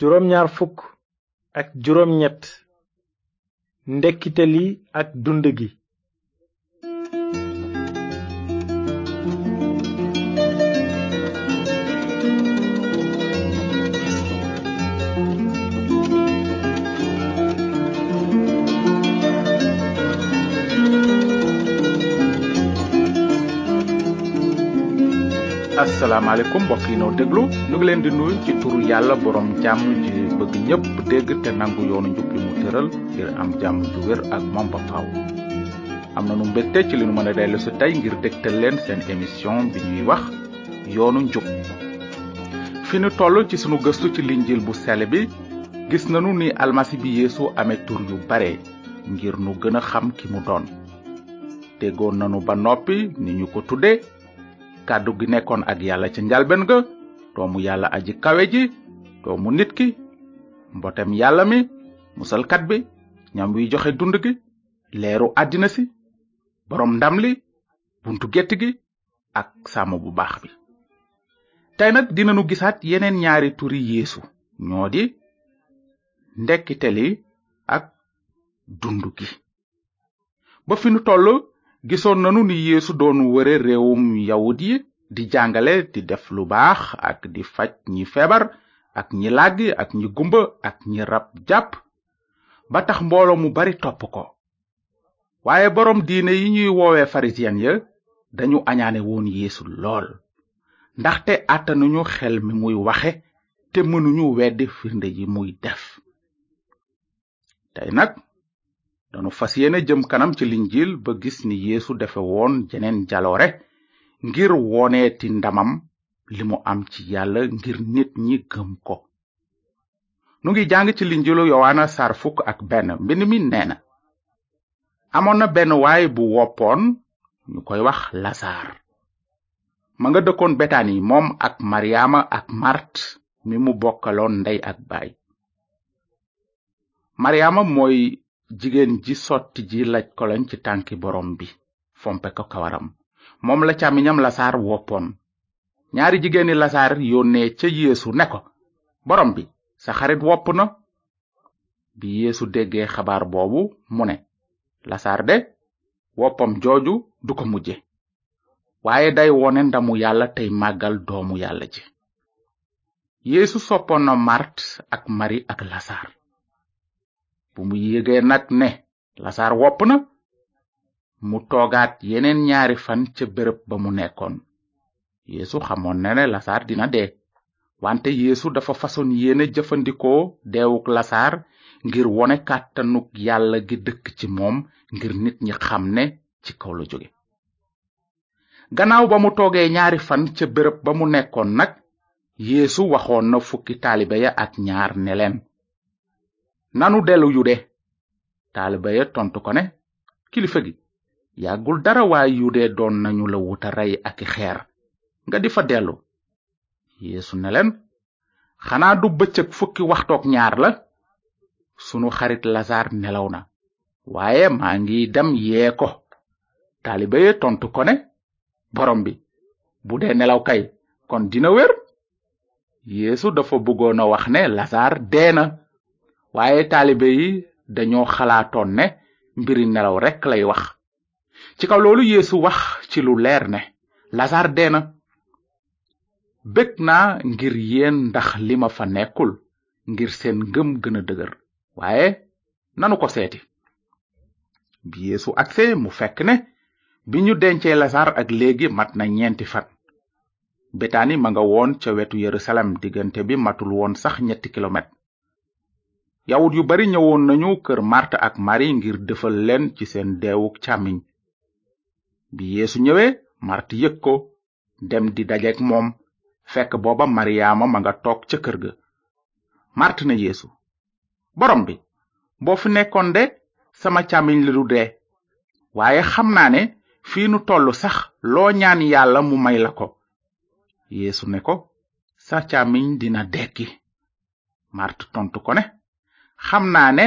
juróom ñaar fukk ak juróom ñett ndekkite li ak dund gi asalaamaaleykum mbokk yi noo déglu ñu ngi leen di nuyu ci turu yàlla boroom jàmm ji bëgg ñépp dégg te nangu yoonu njub yi mu tëral ngir am jàmm ju wér ak moom ba am na nu mbégte ci li nu mën a dellu si tey ngir dégtal leen seen émission bi ñuy wax yoonu njub fi nu toll ci sunu gëstu ci linjil bu sell bi gis nanu ni almasi bi yeesu amee tur yu bare ngir nu gën a xam ki mu doon déggoon nanu ba noppi ni ñu ko tudde kàddu gi nekkoon ak yàlla ca njalben ga doomu yàlla aji kawe ji doomu nit ki mbotem yàlla mi musalkat bi ñam wi joxe dund gi leeru àddina si boroom ndam li buntu gett gi ak sàmm bu baax bi tey nag dinanu gisaat yeneen ñaari turi yeesu ñoo di ndekkite li ak dund gi ba fi nu toll gisoon nanu ni yeesu doon wëre réewum yawut yi di jàngale di def lu baax ak di faj ñi feebar ak ñi làggi ak ñi gumba ak ñi rab jàpp ba tax mbooloo mu bari topp ko waaye boroom diine yi ñuy woowee farisiyen ya dañu añaane woon yeesu lool ndaxte àttanuñu xel mi muy waxe te mënuñu weddi firnde yi muy def tey nag danu fas yéene jëm kanam ci linjiil ba gis ni yeesu defewoon woon jeneen jaloore ngir ti ndamam li mu am ci yàlla ngir nit ñi gëm ko nu ngi jàng ci linjiilu yowaana sar fukk ak benn mbind mi nee amoon na benn waay bu woppoon ñu koy wax lasaar ma nga dëkkoon betani moom ak maryaama ak màrt mi mu bokkaloon ndey ak baay maryaama mooy jigéen ji sotti ji laj koloñ ci tànki boroom bi fompe ko kawaram moom la càmmiñam lasaar woppoon ñaari jigéeni lasaar yónnee ca yeesu ne boroom bi sa xarit wopp na bi yeesu déggee xabaar boobu mu ne lasaar de woppam jooju du ko mujje waaye day wone ndamu yàlla tey màggal doomu yàlla ji yeesu soppoon na màrt ak mari ak lasaar bu mu yëgee nag ne lasaar wopp na mu toogaat yeneen ñaari fan ca béréb ba mu nekkoon yeesu xamoon na ne lasaar dina dee wante yeesu dafa façon yéene jëfandikoo deewuk lasaar ngir wone kàttanuk yàlla gi dëkk ci moom ngir nit ñi xam ne ci kaw la jóge gannaaw ba mu toogee ñaari fan ca bërëb ba mu nekkoon nag yéesu waxoon na fukki taalibe ya ak ñaar neleen nanu dellu yude taaliba ya tontu ko kilifa gi yàggul dara waa yude doon nañu la wuta rey ak xeer nga di fa dellu yeesu ne leen xanaa du bëccëg fukki waxtook ñaar la sunu xarit lasaar nelaw na waaye maa ngi dem yee ko taaliba ya tontu ko ne borom bi bu dee nelaw kay kon dina wér yeesu dafa bëggoon a wax ne lasaar dee waaye talibe yi dañoo xalaatoon ne mbiri nelaw rekk lay wax ci kaw loolu yeesu wax ci lu leer ne lazar dee na bég naa ngir yéen ndax li ma fa nekkul ngir seen ngëm gën a dëgër waaye nanu ko seeti bi yeesu agsee mu fekk ne bi ñu dencee lazar ak léegi mat na ñeenti fan betaani ma nga woon ca wetu yerusalem diggante bi matul woon sax ñetti kilomètre yawut yu bari ñëwoon nañu kër marta ak mari ngir defal leen ci seen deewuk càmmiñ bi yeesu ñëwee mart yëg ko dem di dajeek moom fekk booba mariyaama ma nga toog ca kër ga mart na yéesu borom bi boo fi nekkoon de sama càmmiñ la du dee waaye xam naa ne fii nu tollu sax loo ñaan yàlla mu may la ko yéesu ne ko sa càmmiñ dina dekki mart tontu ko ne xam naa ne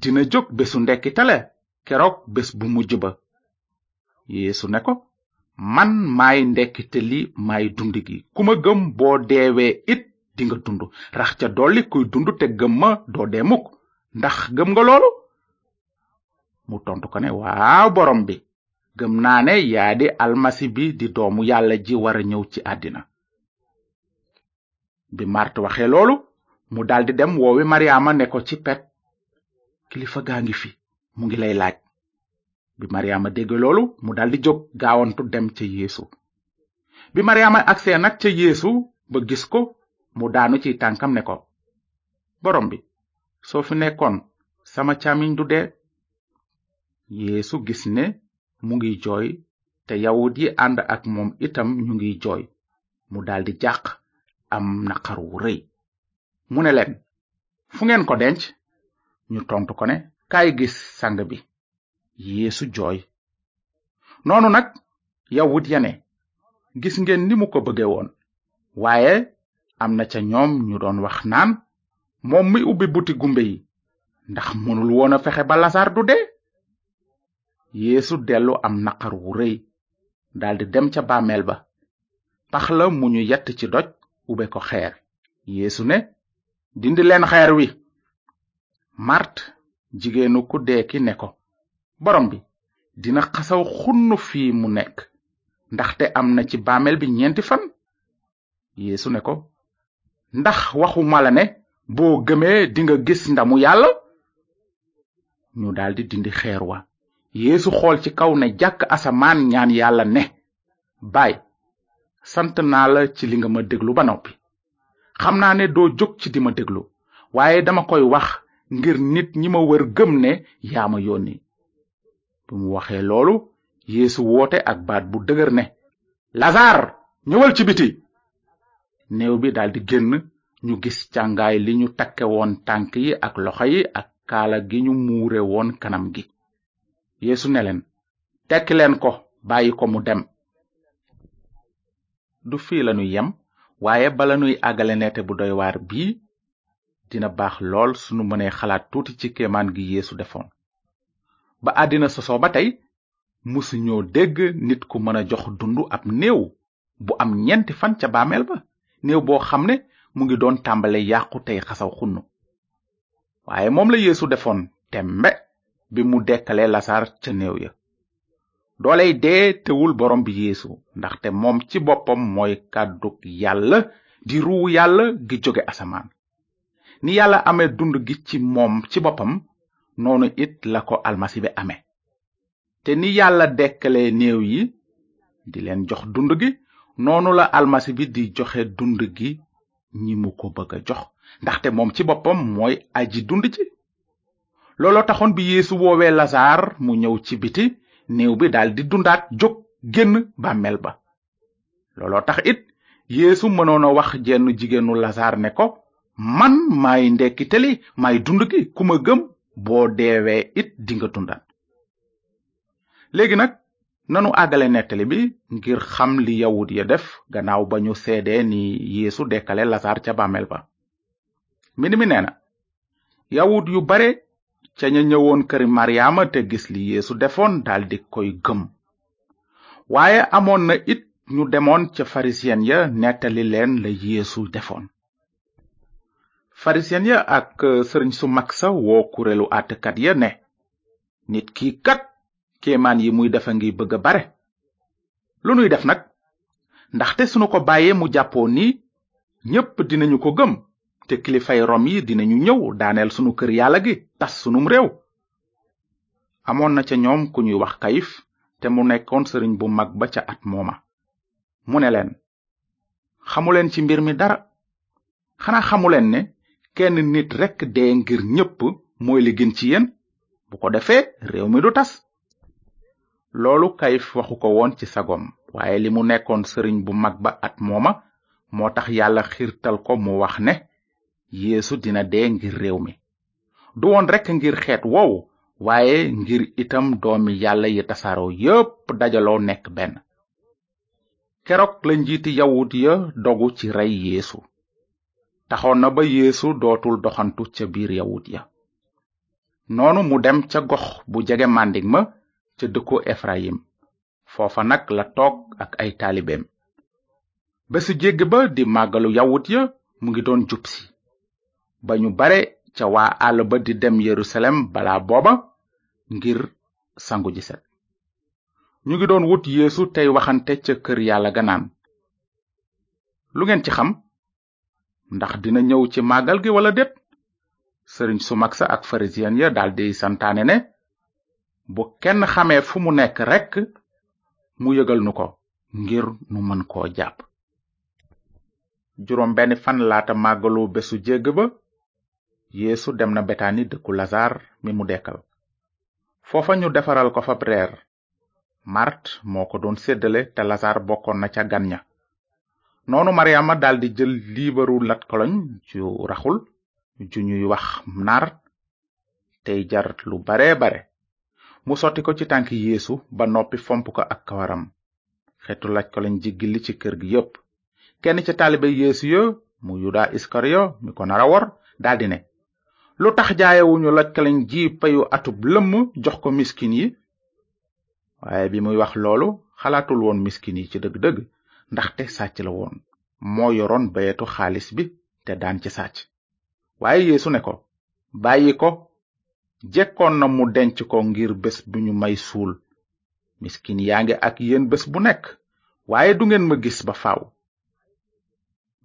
dina jóg bésu ndekkitale keroog bés bu mujj ba yeesu ne ko man maay ndekkite li dund gi ku ma gëm boo deewee it dinga dund rax ca dolli kuy dund te gëm doo dee ndax gëm nga loolu mu tontu ko ne waaw boroom bi gëm naa ne yaa di almasi bi di doomu yàlla ji wara ñëw ci àddina bi màrt waxee loolu mu daldi dem woowi maryaama ne ko ci pet kilifa gaa ngi fi mu ngi lay laaj bi maryaama dégg loolu mu di jóg gaawantu dem ca yeesu bi maryaama agsee nag ca yeesu ba gis ko mu daanu ci tànkam ne ko borom bi soo fi nekkoon sama càmmiñ du dee yeesu gis ne mu ngi jooy te yawut yi ànd ak moom itam ñu ngi jooy mu daldi jàq am naqar wu rëy mu ne leen fu ngeen ko denc ñu tontu ko ne kaay gis sang bi yeesu jooy noonu nag yawut ya ne gis ngeen ni mu ko bëgge woon waaye am na ca ñoom ñu doon wax naan moom mi ubbi buti gumbe yi ndax mënul woon a fexe ba lasaar du dee yeesu dellu am naqar wu rëy daldi dem ca bàmmeel ba pax la mu ñu yatt ci doj ube ko xeer yeesu ne dindi leen xeer wi màrt jigéenu ku dee ki ne ko borom bi dina xasaw xunn fii mu nekk ndaxte am na ci bàmmeel bi ñeenti fan yeesu ne ko ndax waxu mala ne boo gëmee dinga gis ndamu yàlla ñu daldi dindi xeer wa yéesu xool ci kaw ne jàkk asamaan ñaan yàlla ne baay sant naa la ci li nga ma déglu ba noppi xam naa ne doo jóg ci di ma déglu waaye dama koy wax ngir nit ñi ma wër gëm ne yaa ma yónni bi mu waxee loolu yeesu woote ak baat bu dëgër ne lasaar ñëwal ci biti néew bi daldi génn ñu gis càngaay li ñu takke woon tànk yi ak loxo yi ak kaala gi ñu muure woon kanam gi yeesu ne leen tekki leen ko bàyyi ko mu dem du fii lañu yem waaye bala nuy àggale neete bu doy waar bii dina baax lool sunu mënee xalaat tuuti ci kéemaan gi yéesu defoon ba àddina sosoo ba tey musu ñoo dégg nit ku mën a jox dund ab néew bu am ñeenti fan ca baameel ba néew boo xam ne mu ngi doon tàmbale yàqu tey xasaw xunn waaye moom la yéesu defoon mbe bi mu dekkalee lasaar ca néew ya dooley dee tewul borom bi yeesu ndaxte moom ci boppam mooy kàddug yàlla di ruu yàlla gi jóge asamaan ni yàlla amee dund gi ci moom ci boppam noonu it la ko almasi bi amee te ni yàlla dekkale néew yi di leen jox dund gi noonu la almasi bi di joxe dund gi ñi mu ko bëgg a jox ndaxte moom ci boppam mooy aji dund ci looloo taxoon bi yeesu woowee lasaar mu ñëw ci biti néew bi daal di dundaat jóg génn bàmmeel ba looloo tax it yeesu mënoon wax jenn jigéenu lasaar ne ko man maay ndekkiteli maay dund gi kuma gëm boo deewee it dinga dundaat léegi nag nanu àggale nettali bi ngir xam li yawut ya def gannaaw ba ñu seede ni yeesu dekkale lasaar ca bàmmeel ba mi nee na yawut yu bare ca ña ñëwoon këri maryaama te gis li yeesu defoon daldi koy gëm waaye amoon na it ñu demoon ca farisiyen ya nettali leen la yeesu defoon farisiyen ya ak euh, sëriñ su mag sa woo kuréelu àttekat ya ne nit ki kat kéemaan yi muy defa ngi bëgg a bare lu nuy def nag ndaxte sunu ko bàyyee mu jàppoon nii ñépp dinañu ko gëm te kilifay rom yi dinañu ñëw daaneel sunu kër yàlla gi tas sunum réew amoon na ca ñoom ku ñuy wax kayif te mu nekkoon sëriñ bu mag ba ca at mooma mu ne leen xamu leen ci mbir mi dara xanaa leen ne kenn nit rekk dee ngir ñépp mooy li ci yéen bu ko defee réew mi du tas loolu kayif waxu ko woon ci sagoom waaye li mu nekkoon sëriñ bu mag ba at mooma moo tax yàlla xiirtal ko mu wax ne yeesu dina dee ngir réew mi du woon rekk ngir xeet woowu waaye ngir itam doomi yàlla yi tasaaroo yépp dajaloo nekk benn keroog la njiiti yawut ya dogu ci rey yéesu taxoon na ba yéesu dootul doxantu ca biir yawut ya noonu mu dem ca gox bu jege màndig ma ca dëkku efrayim foofa nag la toog ak ay taalibeem bésu jégg ba di màggalu yawut ya mu ngi doon jubsi ba ñu bare ca waa àll ba di dem yerusalem bala booba ngir sangu ji set ñu ngi doon wut yeesu tey waxante ca kër yàlla ga naan lu ngeen ci xam ndax dina ñëw ci màggal gi wala déet sëriñ su mag sa ak farisiyen ya daldi santaane ne bu kenn xamee fu mu nekk rekk mu yëgal nu ko ngir nu mën koo jàpp juróom benn fan laata màggalu bésu jégg ba yeesu dem na betani dëkku lasaar mi mu dekkal foofa ñu defaral ko fab reer moo ko doon seddale te lasaar bokkoon na ca gan ña noonu maryaama daldi jël liibaru latkoloñ ju raxul ju ñuy wax nar tey jar lu bare bare mu sotti ko ci tànk yeesu ba noppi fomp ko ak kawaram xetu latkoloñ ji gilli ci kër gi yépp kenn ci taalibe yeesu ya mu yuda iskariyo mi ko nara wor daldi ne lu tax jaayewuñu lajkalañ ji payu atub lëmm jox ko miskin yi waaye bi muy wax loolu xalaatul woon miskin yi ci dëgg-dëgg ndaxte sàcc la woon moo yoroon bayetu xaalis bi te daan ci sàcc waaye yeesu ne ko bàyyi ko jekkoon na mu denc ko ngir bés bu ñu may suul miskin yaa ngi ak yéen bés bu nekk waaye du ngeen ma gis ba faaw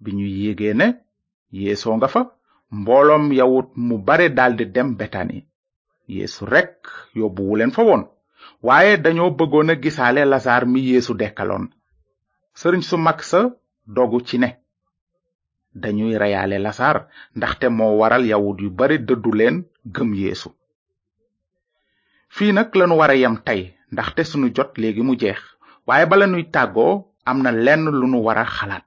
bi ñu yégee ne yeesoo nga fa mbooloom yawut mu bare daldi dem betani yeesu rekk yóbbuwuleen fa woon waaye dañoo bëggoon a gisaale lasaar mi yeesu dekkaloon sëriñ su mag sa dogu ci ne dañuy reyaale lasaar ndaxte moo waral yawut yu bare dëddu leen gëm yeesu fii nag lanu wara yem tey ndaxte sunu jot léegi mu jeex waaye bala nuy tàggoo am na lenn lu nu wara xalaat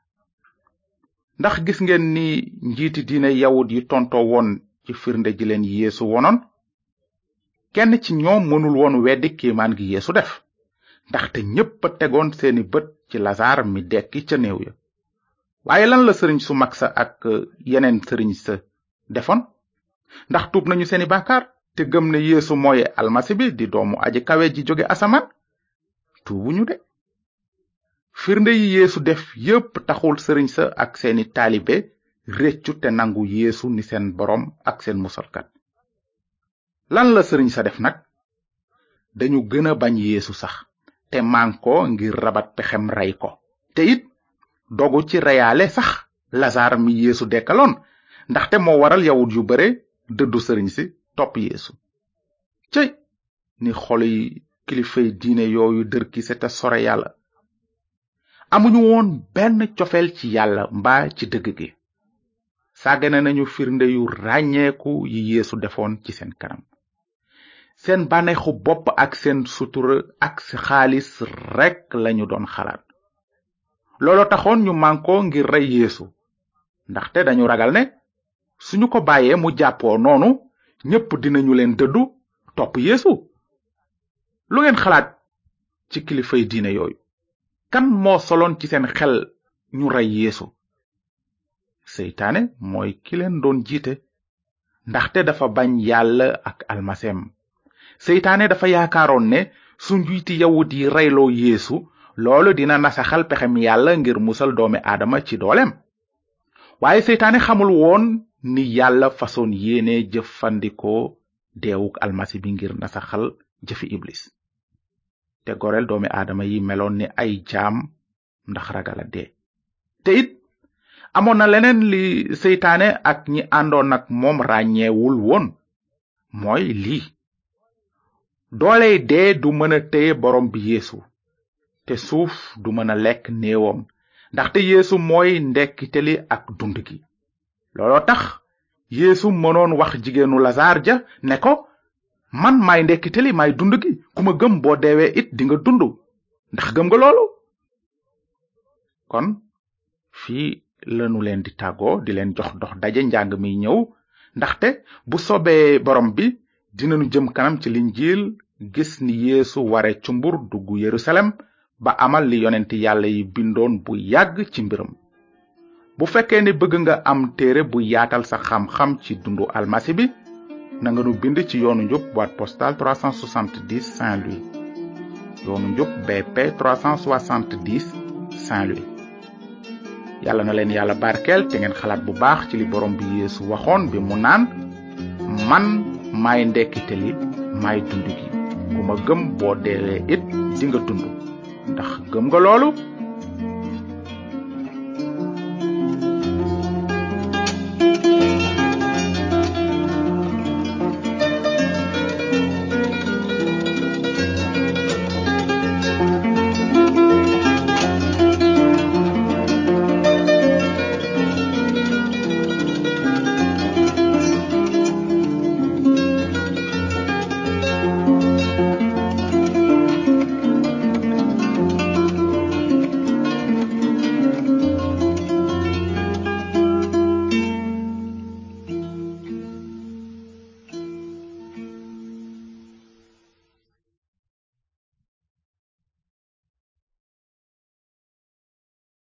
ndax gis ngeen ni njiiti diine yawut yi tontoo woon ci firnde ji leen yeesu wonoon kenn ci ñoom mënul woon weddi kiimaan gi yeesu def ndaxte ñépp a tegoon seeni bët ci lasaar mi dekki ca néew ya waaye lan la sëriñ su mag sa ak euh, yeneen sëriñ sa defoon ndax tuub nañu seeni bàkkaar te gëm ne yeesu mooy almasi bi di doomu aj kawe ji jóge asamaan tuubuñu de firnde yi yeesu def yépp taxul sëriñ sa ak seeni taalibe réccu te nangu yeesu ni seen boroom ak seen musalkat lan la sëriñ sa def nag dañu gën a bañ yeesu sax te man ko ngir rabat pexem rey ko te it dogu ci reyaale sax lasaar mi yeesu dekkaloon ndaxte moo waral yawut yu bare dëddu sëriñ si topp yeesu cëy ni xoli kilifay diine yooyu dër ki se te sore yàlla amuñu woon benn cofeel ci yàlla mba ci dëgg gi sàggane nañu firnde yu ràññeeku yi yéesu defoon ci seen kanam seen bànneexu bopp ak seen sutura ak xaalis rekk lañu doon xalaat looloo taxoon ñu mànkoo ngir rey yéesu ndaxte dañu ragal ne suñu ko bàyyee mu jàppoo noonu ñépp dinañu leen dëddu topp yéesu lu ngeen xalaat ci kilifay diine yooyu kan moo soloon ci seen xel ñu rey yeesu seytaane mooy ki leen doon jiite ndaxte dafa bañ yàlla ak almaseem seytaane dafa yaakaaroon ne su njiiti yawut yi reyloo yeesu loolu dina nasaxal pexem yàlla ngir musal doomi aadama ci dooleem waaye seytaane xamul woon ni yàlla fasoon yéene jëfandikoo deewuk almasi bi ngir nasaxal jëfi iblis te goreel doomi aadama yi meloon ni ay jaam ndax ragal a te it amoon na leneen li seytaane ak ñi àndoon ak moom ràññeewul woon mooy lii doole dee du mën a téye borom bi yeesu te suuf du mën a lekk néewam ndaxte yeesu mooy ndekkiteli ak dund gi looloo tax yeesu mënoon wax jigéenu lasaar ja ne ko man maay ndekkite li dund gi ku ma gëm boo deewee it dinga dundu ndax gëm nga loolu kon fii lanu leen di tàggoo di leen jox dox daje njàng mi ñëw ndaxte bu sobee borom bi dinanu jëm kanam ci linjiil gis ni yeesu ware cumbur dugg yerusalem ba amal li yonent yàlla yi bindoon bu yàgg ci mbiram bu fekkee ne bëgg nga am téere bu yaatal sa xam-xam ci dundu almasi bi na nga nu bind ci yoonu njub boîte postale 370 Saint-Louis yoonu njub BP 370 Saint-Louis yàlla na leen yàlla barkeel te ngeen xalaat bu baax ci li borom bi Yeesu waxoon bi mu naan man maay ndekkite li maay dund gi ku ma gëm boo deewee it di dund ndax gëm nga loolu